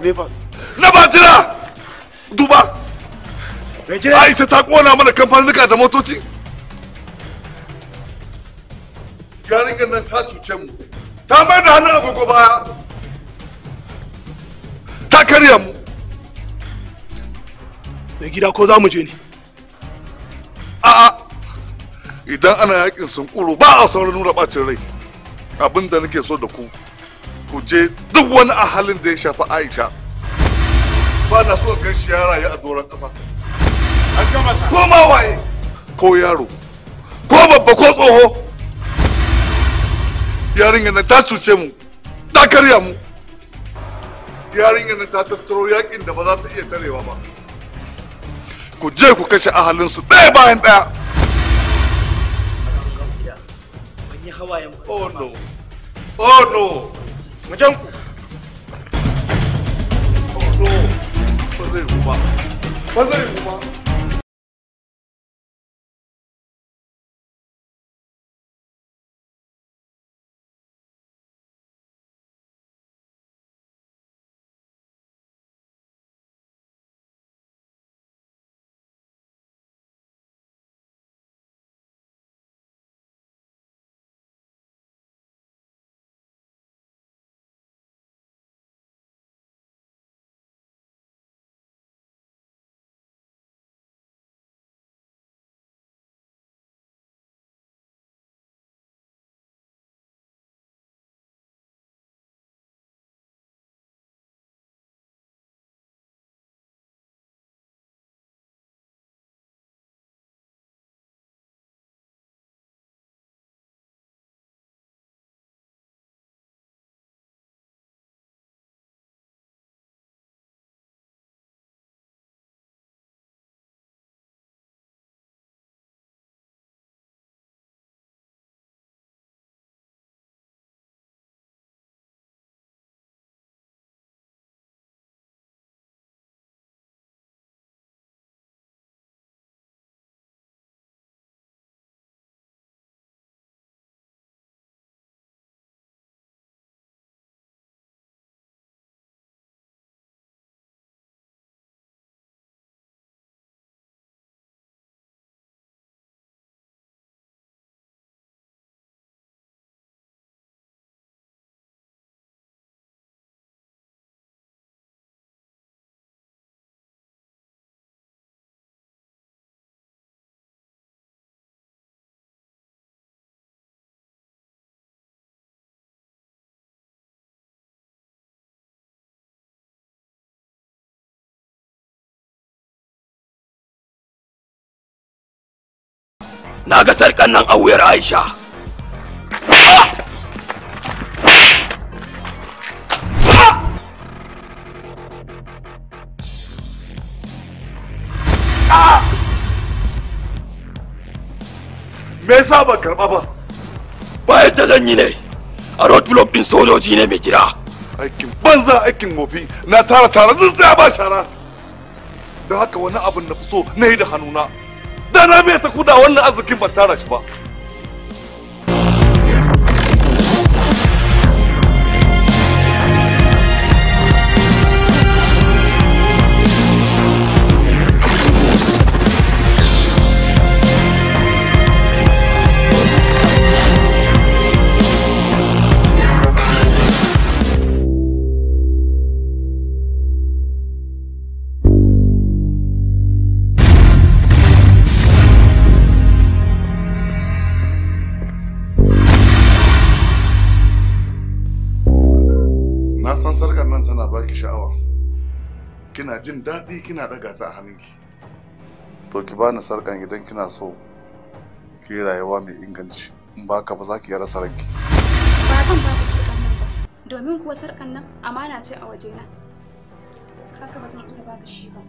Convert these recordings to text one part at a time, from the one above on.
na ba na jira duba aisha ta kona mana kamfanuka da motoci yarinyar nan ta cuce mu ta mai da hannun agogo baya ta karya mu mai gida ko za mu je ne a'a idan ana yakin sunkuru ba a saurin nuna bacin rai abin da nake so da ku ku je duk wani a halin da ya shafi aisha ba na so gan shi ya rayu a doron ƙasa ko ma waye ko yaro ko babba ko tsoho yarinyar nan ta cuce mu ta karya mu yarinyar nan ta tattaro yakin da ba za ta iya tarewa ba ku je ku kashe ahalinsu ɗaya bayan ɗaya Oh no! Oh no! Mu 我在里面吗？na ga sarkan nan a wuyar aisha me yasa ba karba ba bayan ta zanyi ne a road block sojoji ne mai gida aikin banza aikin mofi na tara tara zan tsaya ba shara da haka wani abin na fi so na yi da hannuna dan na biya ta kuda wannan arzikin ba tara shi ba tana baki sha'awa kina jin daɗi kina ɗaga ta a hannunki to ki bani sarkan idan kina so ki rayuwa mai inganci in ba ka ba za ki rasa ranki ba zan ba ku sarkan nan ba domin kuwa sarkan nan amana ce a wajena haka ba zan iya ba shi ba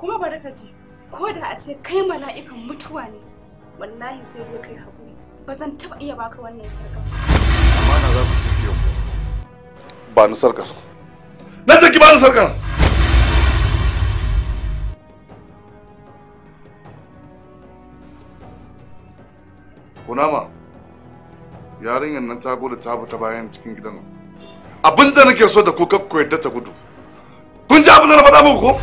kuma bari ka ji ko da a ce kai mala'ikan mutuwa ne wallahi sai dai kai hakuri ba zan taɓa iya baka wannan sarkan amana za ta ce ki yau ba ni sarkar na ce ki bani sarkar kunama yarinyar nan ta gudu ta fita bayan cikin gidan abinda nake so da ku kakku yadda ta gudu kun ji abin da na faɗa muku ko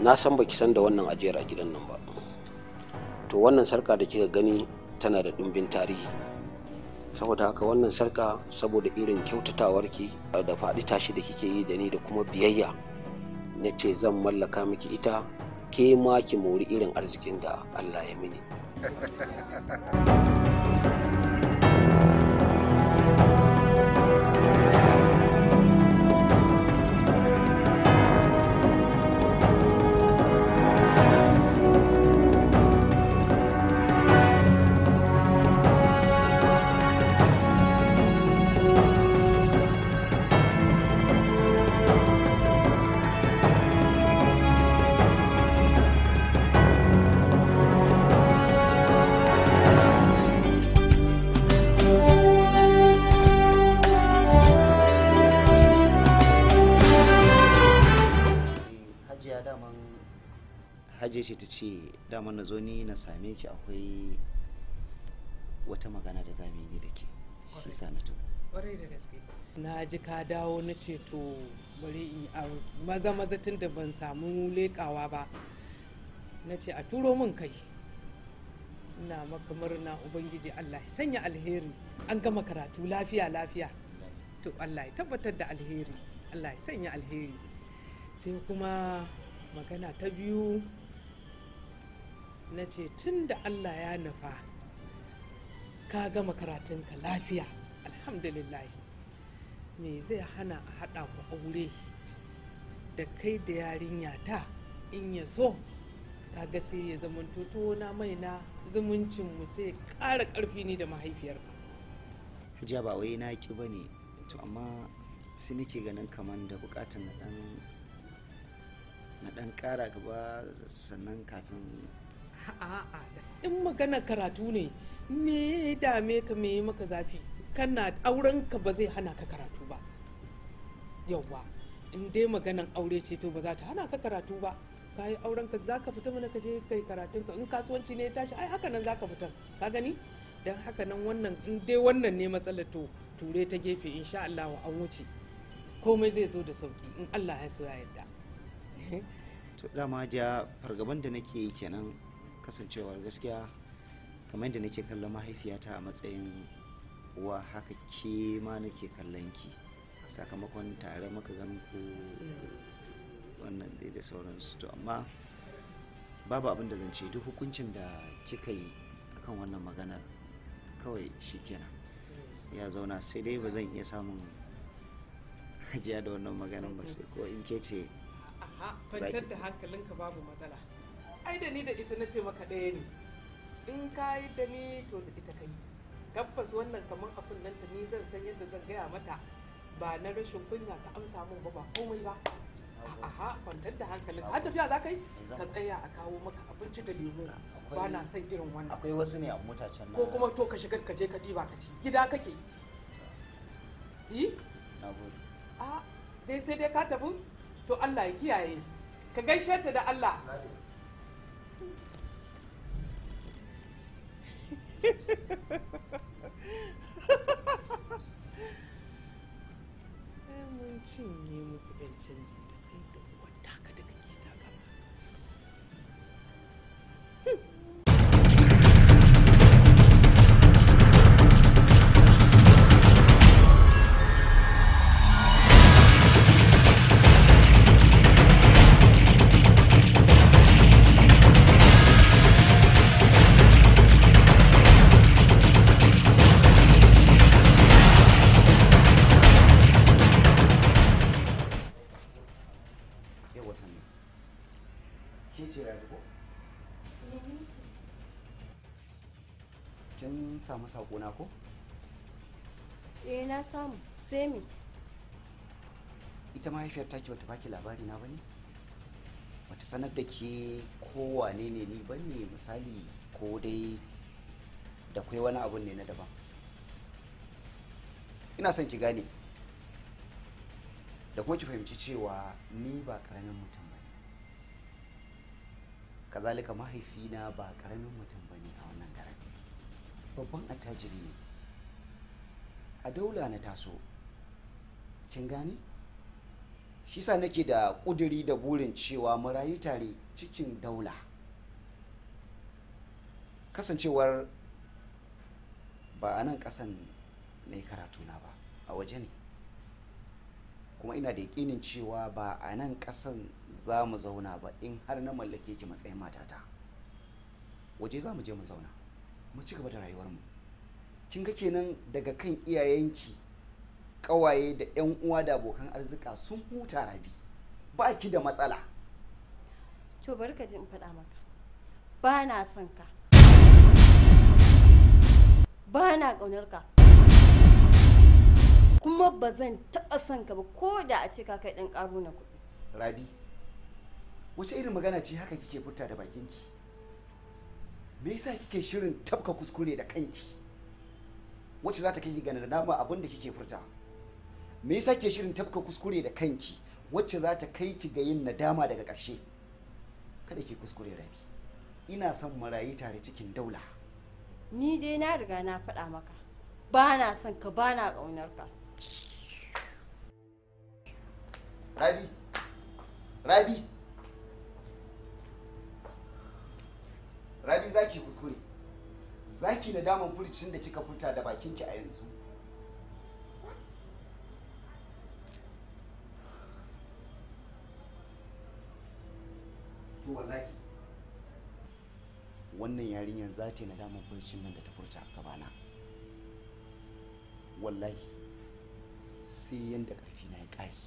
na san baki san da wannan ajiyar a gidan nan ba to wannan sarka da kika gani tana da ɗumbin tarihi saboda haka wannan sarka saboda irin kyautatawarki da faɗi tashi da kike yi da ni da kuma biyayya na ce zan mallaka miki ita ke ma ki mori irin arzikin da allah ya mini ce dama na zo ni na same ki akwai wata magana da zamu yi da ke shi sa na to kwarai da gaske na ji ka dawo na ce to bari in maza maza tun da ban samu leƙawa ba na ce a turo min kai ina maka murna ubangiji allah ya sanya alheri an gama karatu lafiya lafiya to allah ya tabbatar da alheri allah ya sanya alheri sai kuma magana ta biyu na ce tun da allah ya nufa ka gama karatunka lafiya alhamdulillahi me zai hana a haɗa ku aure da kai da yarinya ta in ya so ga sai ya zama toto na mai na zumuncinmu sai ƙara ƙarfi ni da mahaifiyarka hajiya ba wai na ki ba ne to amma sai nake ganin kamar da bukatun na dan na ƙara gaba sannan kafin in magana karatu ne me dame ka me maka zafi kana auren ka ba zai hana ka karatu ba yauwa in dai maganan aure ce to ba za ta hana ka karatu ba ka yi auren ka za ka fita mana ka je kai karatun ka in kasuwanci ne ya tashi ai haka nan za ka fita ka gani dan haka nan wannan in dai wannan ne matsalar to ture ta gefe insha Allah wa an wuce komai zai zo da sauki in Allah ya so ya yarda to dama ja fargaban da nake kenan kasancewar gaskiya kamar yadda nake kallon mahaifiyata a matsayin uwa haka ke ma nake kallon ki sakamakon tare maka ganin ku wannan dai da sauransu to amma babu abin da zan duk hukuncin da kika yi akan wannan maganar kawai shikenan ya zauna sai dai ba zan iya samun hajiya da wannan maganar ba sai ko in ke ce kwantar da hankalinka babu matsala ai da ni da ita na ce maka ɗaya ne in ka yi da ni to da ita kai tabbas wannan kamar abin nan ta ni zan san yadda zan gaya mata ba na rashin kunya ka amsa min ba ba komai ba aha kwantar da hankalin ka tafiya za ka yi ka tsaya a kawo maka abinci da lemu ba na son irin wannan akwai wasu ne a mota can ko kuma to ka shiga ka je ka ɗiba ka ci gida kake yi a eh? dai sai dai ka tafi to Allah ya kiyaye ka gaishe ta da Allah é muito dinheiro, muito bem, semi ita mahaifiyar taki bata baki labari na bane bata sanar da ke kowane ne ni bane misali ko dai da kai wani abun ne na daban ina son ki gane da kuma ki fahimci cewa ni ba karamin mutum ba kazalika mahaifina ba karamin mutum ba ne a wannan garin babban attajiri ne a daula na taso kin gane shi sa nake da ƙuduri da burin cewa mu rayu tare cikin daula kasancewar ba a nan kasan na yi karatuna ba a waje ne kuma ina da yaƙinin cewa ba a nan ƙasan za mu zauna ba in har na mallake ki matsayin matata waje za mu je mu zauna mu ci gaba da rayuwarmu kin ga kenan daga kan iyayenki ƙawaye da 'yan uwa da abokan arzika sun huta rabi ba ki da matsala to bari ka ji in faɗa maka ba na son ka ba na ƙaunar ka kuma ba zan taɓa son ka ba ko da a ce ka kai ɗan ƙaro na kuɗi rabi wace irin magana ce haka kike furta da bakinki me yasa kike shirin tafka kuskure da kanki Wace za ta kai ganin da abin da kike furta me yasa ke shirin tafka kuskure da kanki wacce za ta kai ki ga yin nadama daga ƙarshe kada ki kuskure rabi ina son marayi tare cikin daula ni dai na riga na faɗa maka ba na son ka ba na ƙaunar ka rabi rabi rabi za ki kuskure za ki nadaman furcin da kika furta da bakinki a yanzu so wallahi wannan yarinyar za ta yi nadaman furcin nan da ta furta a gabana wallahi sai yadda ƙarfi na ya ƙari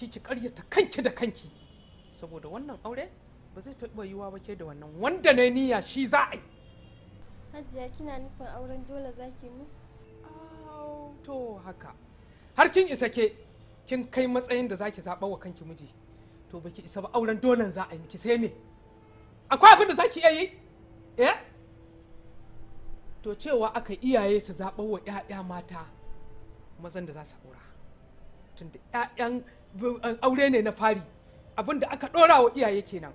Ki ki karyata kanki da kanki saboda wannan aure ba zai taɓa yiwa ba ke da wannan wanda na niyya shi za a yi hajiya kina nufin auren dole za ki mu to haka har kin isa ke kin kai matsayin da za ki zaɓa wa kanki miji to baki isa ba auren dole za a yi miki sai me akwai abin da za iya yi eh? to cewa aka iyaye su zaɓa wa 'ya'ya mata mazan da za su aura tunda 'ya'yan eh, aure ne na fari abin da aka ɗora wa iyaye kenan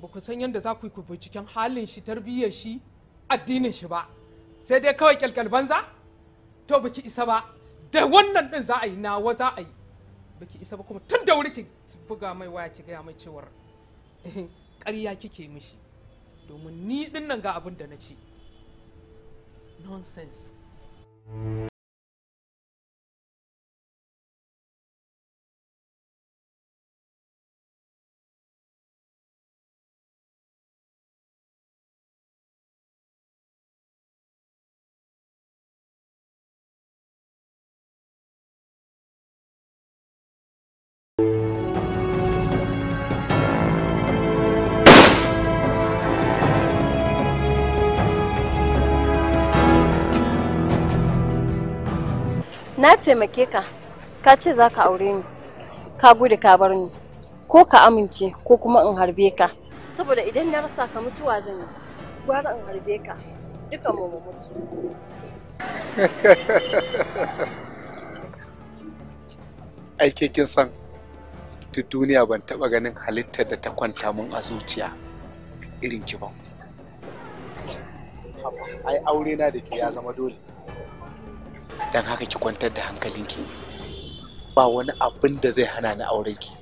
ba ku san yadda za ku yi ku binciken halin shi tarbiyyar shi addinin shi ba sai dai kawai kyalkyal banza to baki isa ba da wannan din za a yi nawa za a yi baki isa ba kuma tun da wuri ki buga mai waya ki gaya mai cewar eh, ƙarya kike mishi domin ni din nan ga abin da na ci nonsense na taimake ka ka ce za ka aure ni ka gudu ka bar ni ko ka amince ko kuma in harbe ka saboda idan na rasa ka mutuwa zan yi gwara in harbe ka duka mu mu mutu ai kin san duk duniya ban taba ganin halittar da ta kwanta mun a zuciya irin ki ba ai aure na da ke ya zama dole don haka ki kwantar da hankalinki ba wani abin da zai hana ni aurenki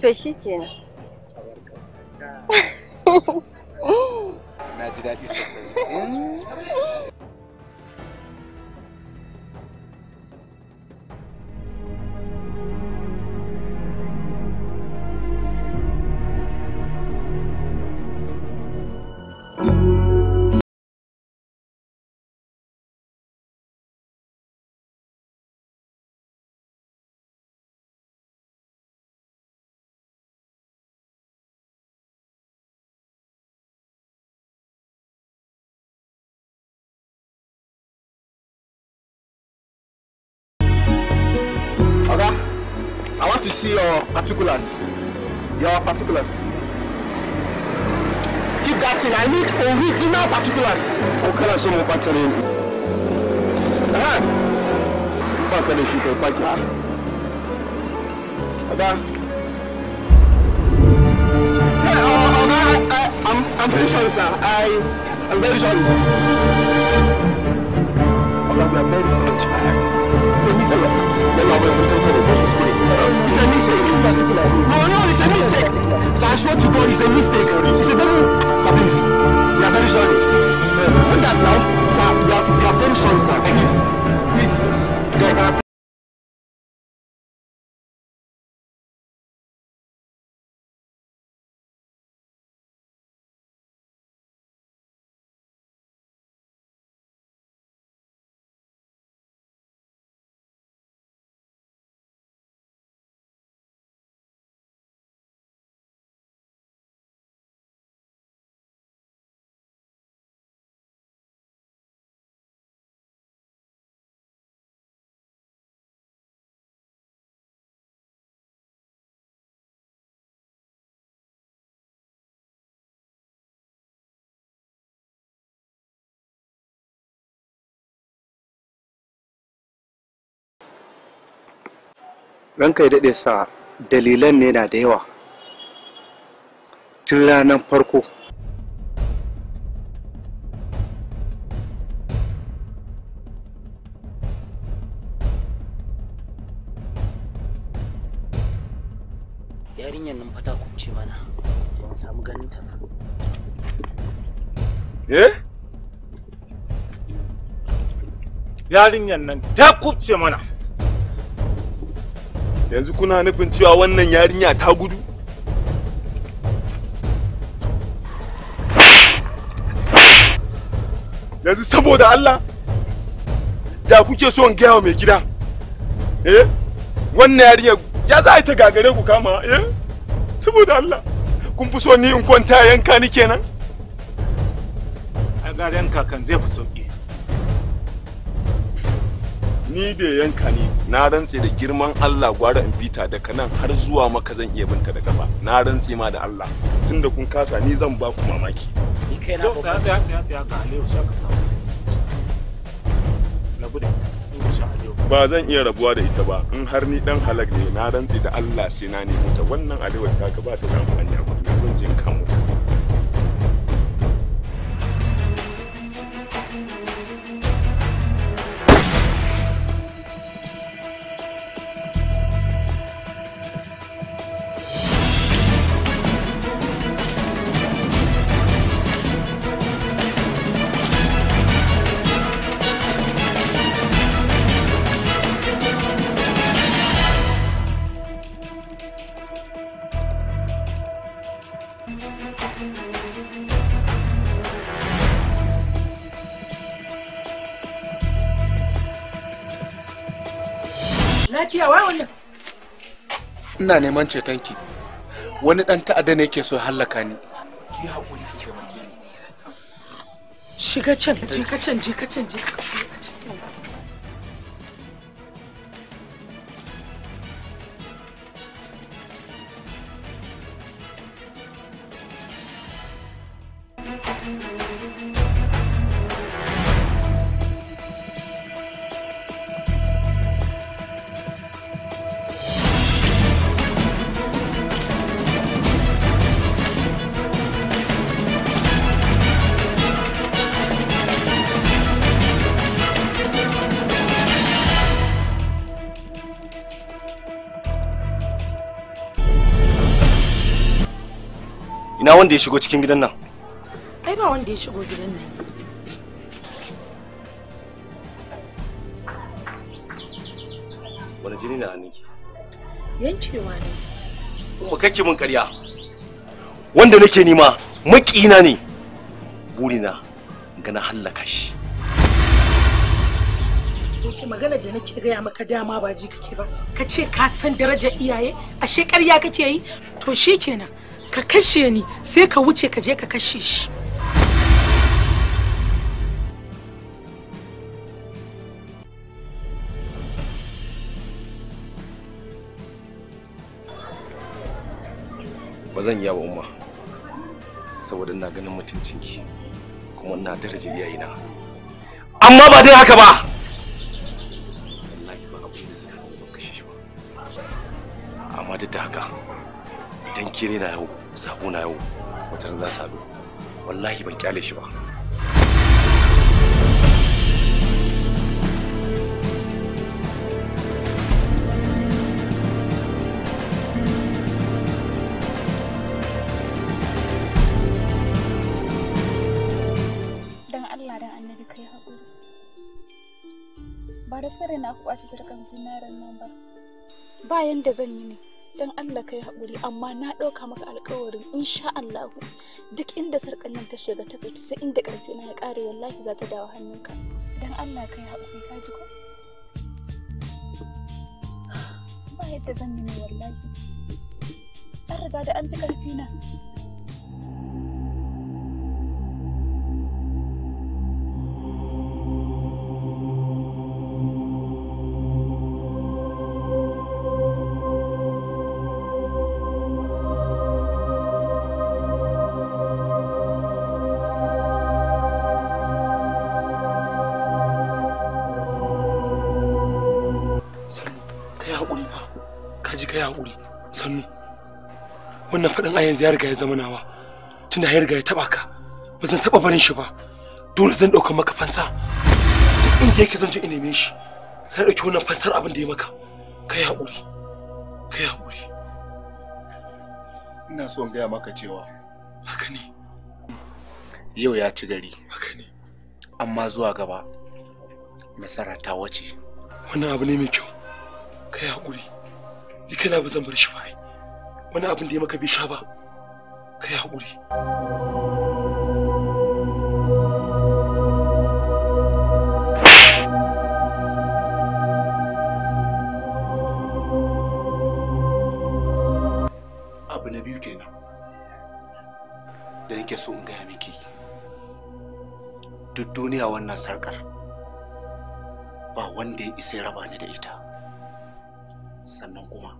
to shi na ji daɗi sosai particulars. Your particulars. Keep that in. I need original particulars. Okay, that's some more pattern. Ah. Fuck, I shoot. Fuck, ah. Oga. Hey, uh, oh, Oga, oh, I, I, I'm, I'm very sorry, sir. I, I'm very sorry. Oga, we are very sorry. Say, Mr. Oga, let not have a little bit of It's a mistake. No, no, it's a mistake. So I swear to God, it's a mistake. It's a devil. Sir, please. We are very sorry. Put that now. Sir, you are, you are very sorry, sir. ranka ya daɗe sa dalilan ne na da yawa tun ranar farko yarinyar nan fata kuce mana samu ganinta ta eh yarinyar nan ta kuce mana yanzu kuna nufin cewa wannan yarinya ta gudu yanzu saboda Allah da kuke so in gaya wa mai gida eh wannan yarinya ya za ta gagare ku kama eh saboda Allah kun fi so ni in kwanta yanka ni kenan a garen kakan zai fi sauki ni da yanka ne na rantse da girman Allah gwara in bita daga nan har zuwa maka zan iya binta da gaba na rantse ma da Allah tunda kun kasa ni zan ba ku mamaki ni kai na ba ta ta ta ta ga Aliyu sha ka samu sai na gode ba zan iya rabuwa da ita ba in har ni dan halak ne na rantse da Allah sai na nemi ta wannan alewar ta gaba ta da amfani a gurin jin kanmu ina neman cetonki wani dan ta'adda ne ke so hallaka ni ki hakuri ki shiga can je ka can je ka can je ka shiga wanda ya shigo cikin gidan nan ai ba wanda ya shigo gidan nan wani jini na aniki yankewa ne kuma kake mun ƙarya wanda nake nema maƙina ne burina ga na hallaka shi Doki magana da nake gaya maka dama ba ji kake ba ka ce ka san darajar iyaye ashe ƙarya kake yi to shikenan ka kashe ni sai ka wuce ka je ka kashe shi ba zan iya wa umma saboda ina ganin mutuncinki kuma ina daraja iyayena amma ba dai haka ba zai kashe shi ba amma duk da haka idan kire na yau sabo na yau wata za su wallahi ban kyale shi ba ba da sare na kwaci sarkan zinarin nan ba ba yanda zan yi ne dan Allah kai haƙuri amma na ɗauka maka alƙawarin insha Allah duk inda sarƙar nan ta shiga ta fita sai inda ƙarfi na ya ƙare wallahi za ta dawo hannunka dan Allah kai haƙuri ka ji ko ba yadda zan yi wallahi an riga da an fi ƙarfi na sannu wannan faɗin a yanzu ya riga ya zama nawa tunda ya riga ya taɓa ka ba zan taɓa barin shi ba dole zan ɗauka maka fansa duk inda yake zan je ineme neme shi sai ɗauki wannan fansar abin da ya maka kai haƙuri kai haƙuri ina so in gaya maka cewa haka ne yau ya ci gari haka ne amma zuwa gaba nasara ta wace wannan abu ne mai kyau kai hakuri. ni kana ba zan bar shi ba ai wani abin da ya maka bai sha ba kai haƙuri abu na biyu kenan da nake so in gaya miki duk duniya wannan sarkar ba wanda ya isa raba ni da ita sannan kuma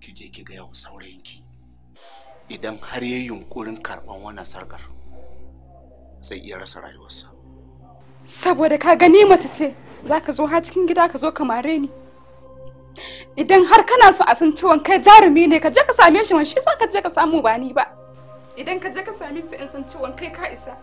ki je ki gaya wa saurayinki idan har ya yunkurin karɓan wannan sarƙar zai iya rasa rayuwarsa saboda ka gani mace ce za ka zo ha cikin gida ka zo ka mare ni idan har kana so a san ciwon kai jarumi ne ka je ka same shi man shi sa ka je ka samu ba ni ba idan ka je ka same su in san ciwon kai ka isa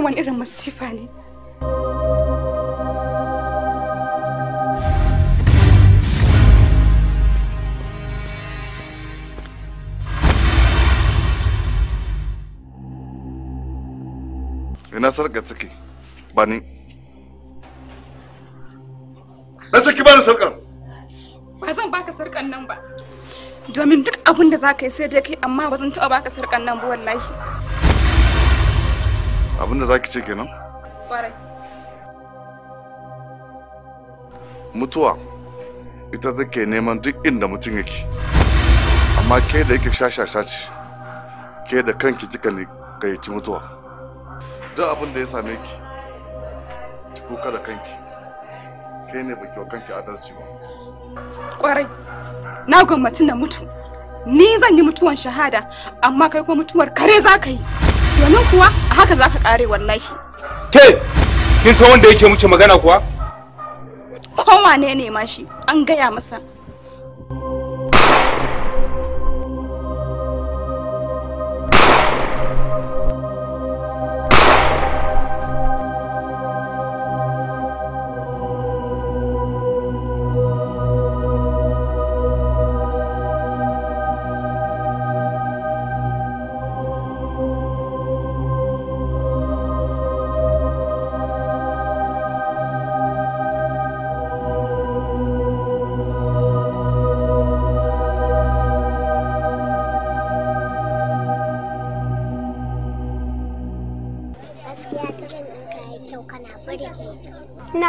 wannan wani irin masifa ne ina sarka take ba ni na saki ba ni sarkar ba zan baka sarkan nan ba domin duk abin da za ka yi sai dai kai amma ba zan taɓa baka sarkan nan ba wallahi abinda za ki ce kenan? Kwarai. Mutuwa ita take neman duk inda mutum yake. Amma ke da yake shashasha ce, ke da kanki kika ne gayyaci mutuwa. Duk abin da ya same ki, ki kuka da kanki. Ke ne baki wa kanki adalci ba. Kwarai, na gwammatin na mutu. Ni zan yi mutuwan shahada, amma kai kuma mutuwar kare za ka yi. domin kuwa a haka za ka kare wallahi ke kin san wanda yake muke magana kuwa ko ne ma shi an gaya masa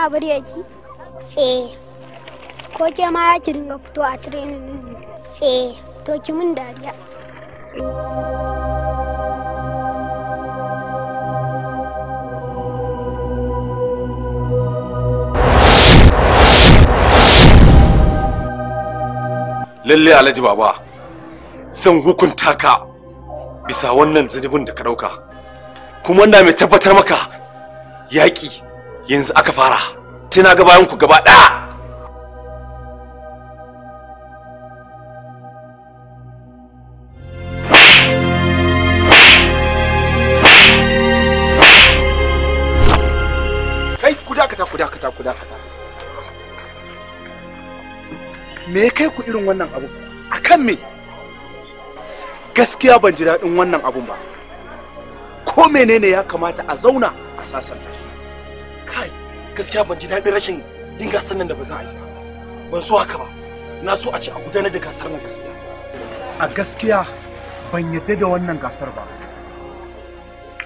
kina bari Eh. Ko ke ma ya ki dinga fito a training din? Eh. To ki mun dariya. Lalle Alhaji Baba, zan hukunta ka bisa wannan zunubin da ka ɗauka. Kuma na mai tabbatar maka yaƙi yanzu aka fara sai na ga bayan ku gaba ɗaya me kai ku irin wannan abu a me gaskiya ban ji daɗin wannan abun ba ko menene ya kamata a zauna a sasanta gaskiya ban ji daɗin rashin yin gasar nan da ba za a yi ba ban so haka ba na so a ci a gudanar da gasar nan gaskiya a gaskiya ban yadda da wannan gasar ba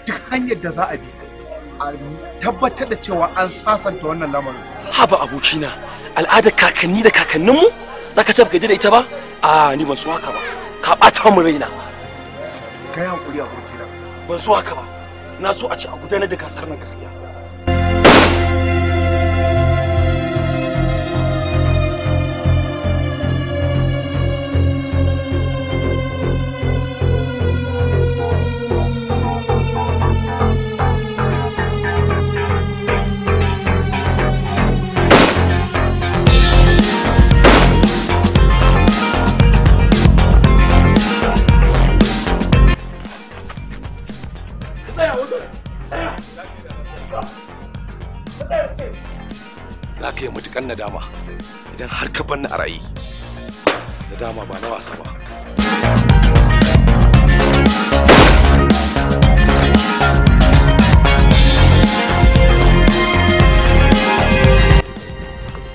duk hanyar da za a bi a tabbatar da cewa an sasanta wannan lamarin haba abokina al'adar kakanni da kakanninmu za ka ce da ita ba a ni ban so haka ba ka ɓata mu raina kai hakuri abokina ban so haka ba na so a ci a gudanar da gasar nan gaskiya a da dama ba na wasa ba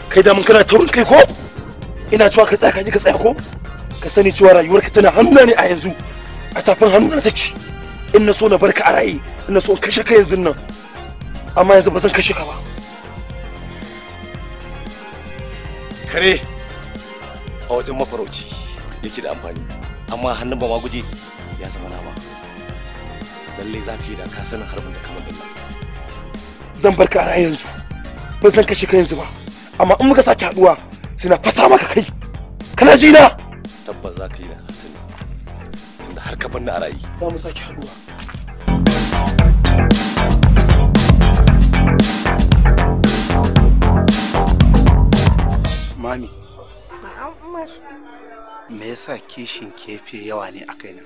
kai da kana taurin kai ko ina cewa ka tsaya ka tsaya ko ka sani cewa rayuwarka tana hannuna ne a yanzu a tafin hannuna take in na so na barka a raye in na so in kashe ka yanzu nan amma yanzu ba zan kashe ka ba kare a wajen mafarauci yake da amfani amma hannun ba ma guje ya zama nama lallai za ka yi da ka sanin harbin da kamar dinnan zan bar ka a yanzu ban san kashe ka yanzu ba amma in muka sake haduwa na fasa maka kai kana ji na tabbas za ka yi da hasani tunda har ka bar ni a ra'ayi za mu sake haduwa mami Umar. Me yasa kishin kefe yawa ne a kaina?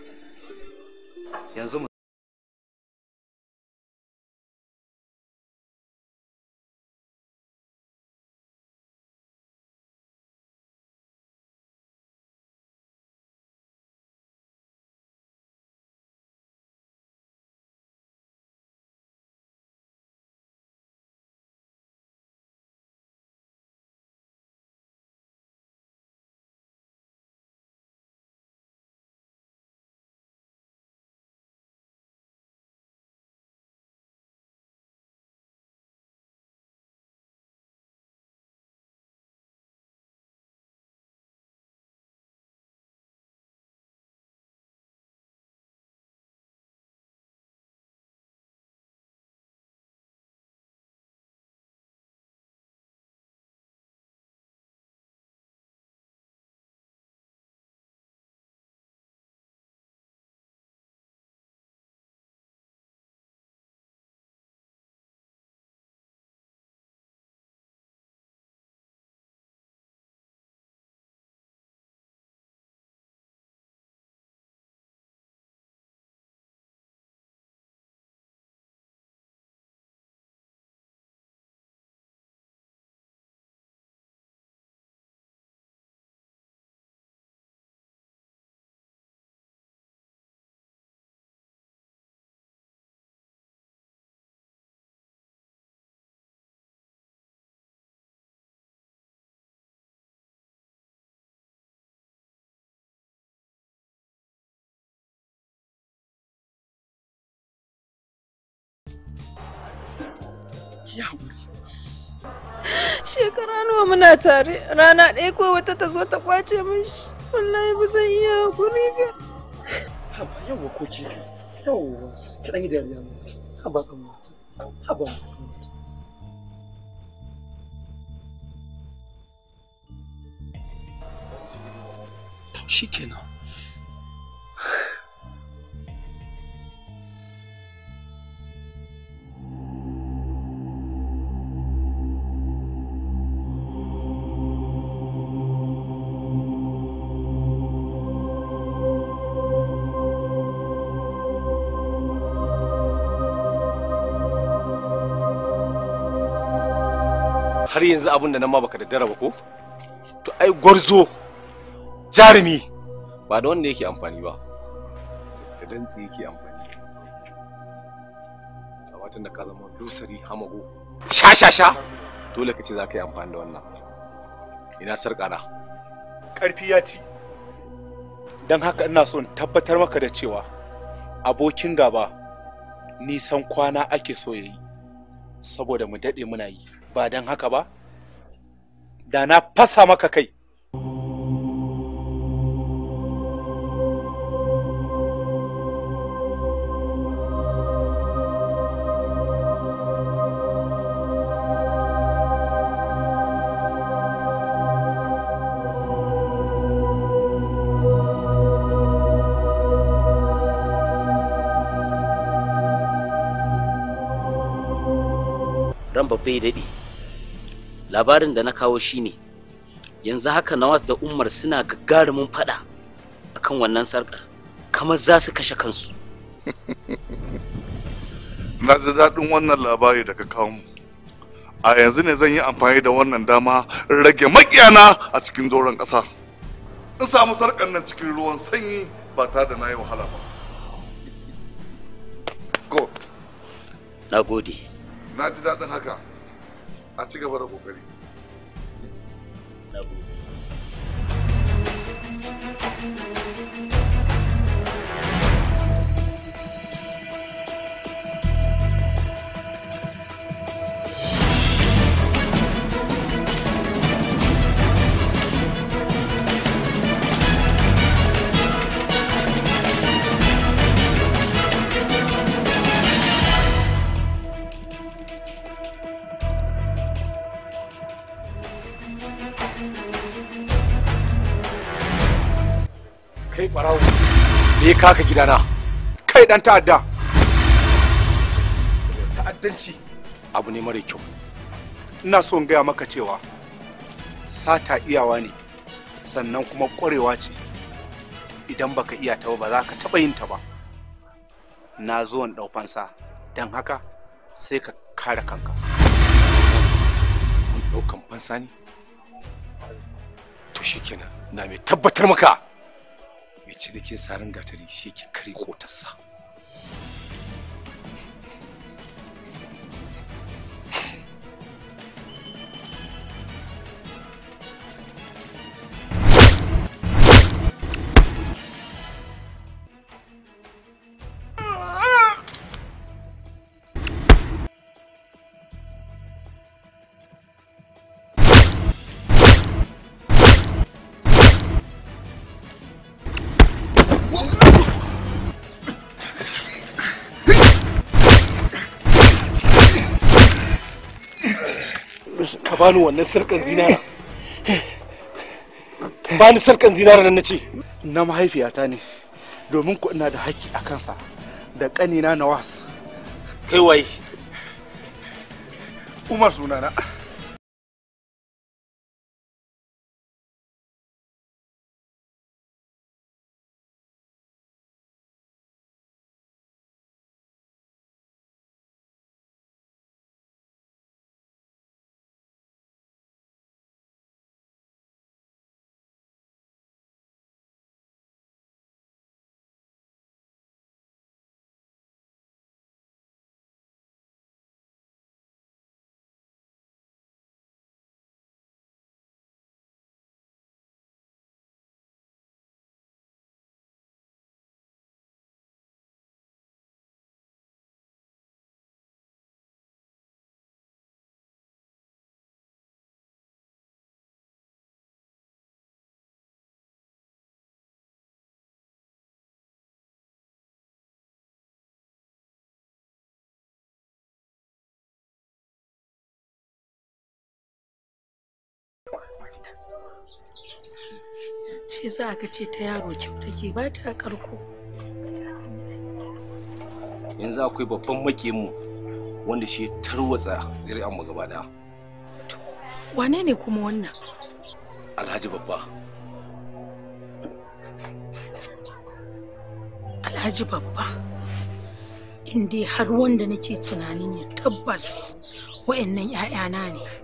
Yanzu ki haƙuri shekara nawa muna tare rana ɗaya ko wata ta ta kwace min shi wallahi ba zan iya haƙuri yi dariya mata haba mata shikenan har yanzu abin da nan ma baka daddara ba ko to ai gwarzo jarumi ba da wanda yake amfani ba da dantsi yake amfani a watan da ka zama lusari hamago sha sha sha dole ka ce za ka yi amfani da wannan ina sarƙana ƙarfi ya ci don haka ina so in tabbatar maka da cewa abokin gaba nisan kwana ake so ya yi saboda mu daɗe muna yi ba don haka ba da na fasa maka kai bai daɗe labarin da na kawo shine yanzu haka nawas da umar suna gagarumin faɗa akan wannan sarƙar kamar za su kashe kansu na ji daɗin wannan labari da ka kawo mu a yanzu ne zan yi amfani da wannan dama rage makiyana a cikin doron ƙasa in samu sarƙar nan cikin ruwan sanyi ba tare da na yi wahala ba na gode na ji daɗin haka a ci gaba da kokari kaka gidana kai dan ta'adda ta'addanci abu ne mara kyau ina so in gaya maka cewa sata iyawa ne sannan kuma kwarewa ce idan baka iya ta ba za ka taɓa yin ta ba na zo in ɗaufansa don haka sai ka kare kanka ɗaukan fansa ne to kenan na mai tabbatar maka mai cinikin sarin gatari shi ke kare kotarsa ka bani wannan sarkan zinara bani sarkan zinara nan na ce na mahaifiyata ne domin ku ina da haƙƙi a kansa da ƙanina nawas kai waye umar sunana ta shi ce ta yaro kyau take ba ta karko yanzu akwai babban makemu wanda shi tarwatsa zuri'anmu gaba daya wane ne kuma wannan alhaji babba alhaji babba in dai har wanda nake tunani tabbas wa'annan 'ya'yana ne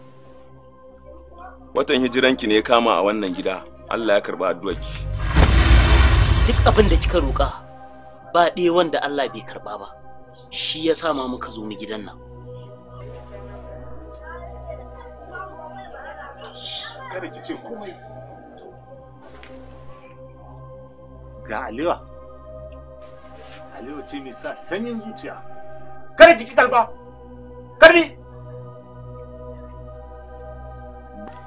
watan hijiranki ne ya kama a wannan gida Allah ya karba addu'arki duk abin da kika roƙa ba ɗaya wanda Allah bai karba ba shi ya sa ma muka zo mu gidan nan kada ki ce komai ga aliwa aliwa ce mai sa sanyin zuciya kada ki ki kalba kada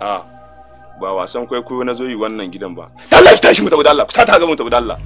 a ba wasan kwaikwayo na zo yi wannan gidan ba Allah ki tashi mu tabbata Allah ku ga mu tabbata Allah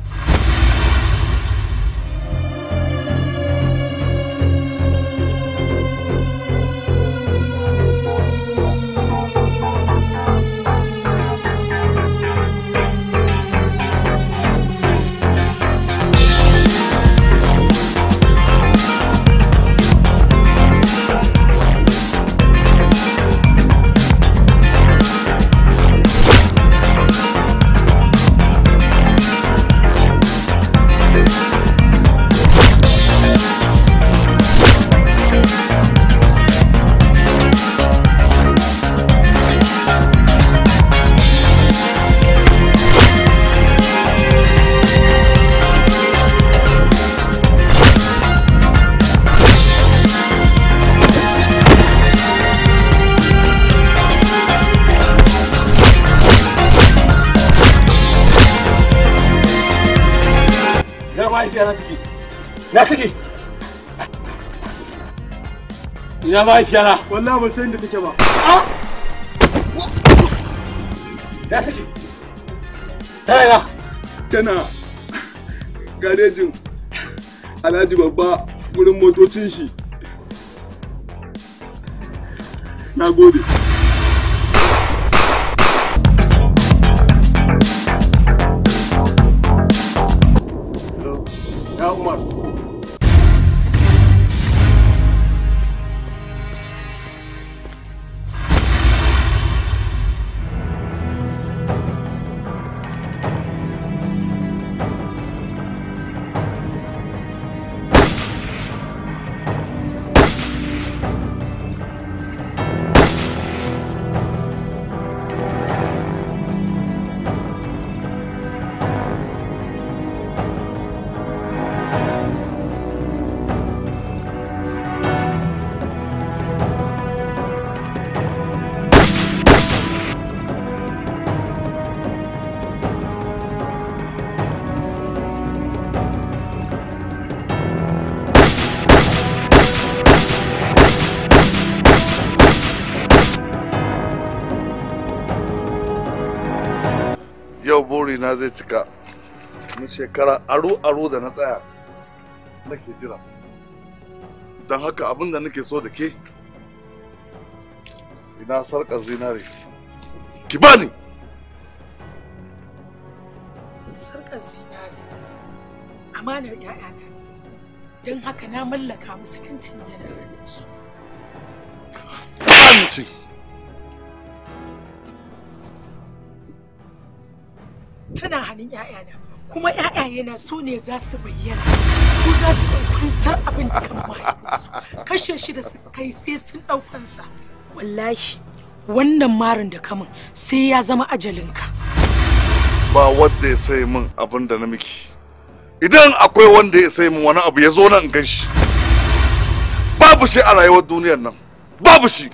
Na Ina ba ki yana? Wallahi ban san inda take ba. Ah! Tana Tana garejin Alhaji babba wurin motocin shi. Na gode. na zai cika na shekara aro-aro da na tsaya nake jira don haka abin da nake so da ke ina sarƙar zinare ki bani sarƙar zinare amanar 'ya'yana ne don haka na mallaka musu tuntun yanar su tana halin ‘ya'yana kuma ‘ya'yayena su ne za su bayyana su za su sar abin da kan mahaifinsu kashe shi da su kai sai sun ɗaukansa wallahi wannan marin da kamun sai ya zama ajalinka ba wanda ya sai min abin da na miki idan akwai wanda ya sai min wani abu ya zo nan gan shi babu shi a rayuwar duniyar nan babu shi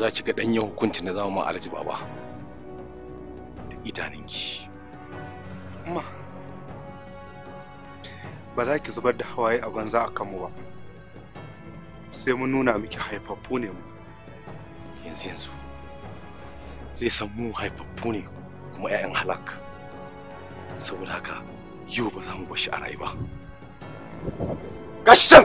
za ki ga ɗanyen hukuncin da za mu alhaji baba da idaninki Ma, ba za ki zubar da hawaye a banza a kanmu ba, sai mun nuna miki haifaffu ne mu. Yanzu yanzu, zai san mu haifaffu ne kuma 'ya'yan halak. Saboda haka, yau ba za mu bashi a rai ba. Gashin!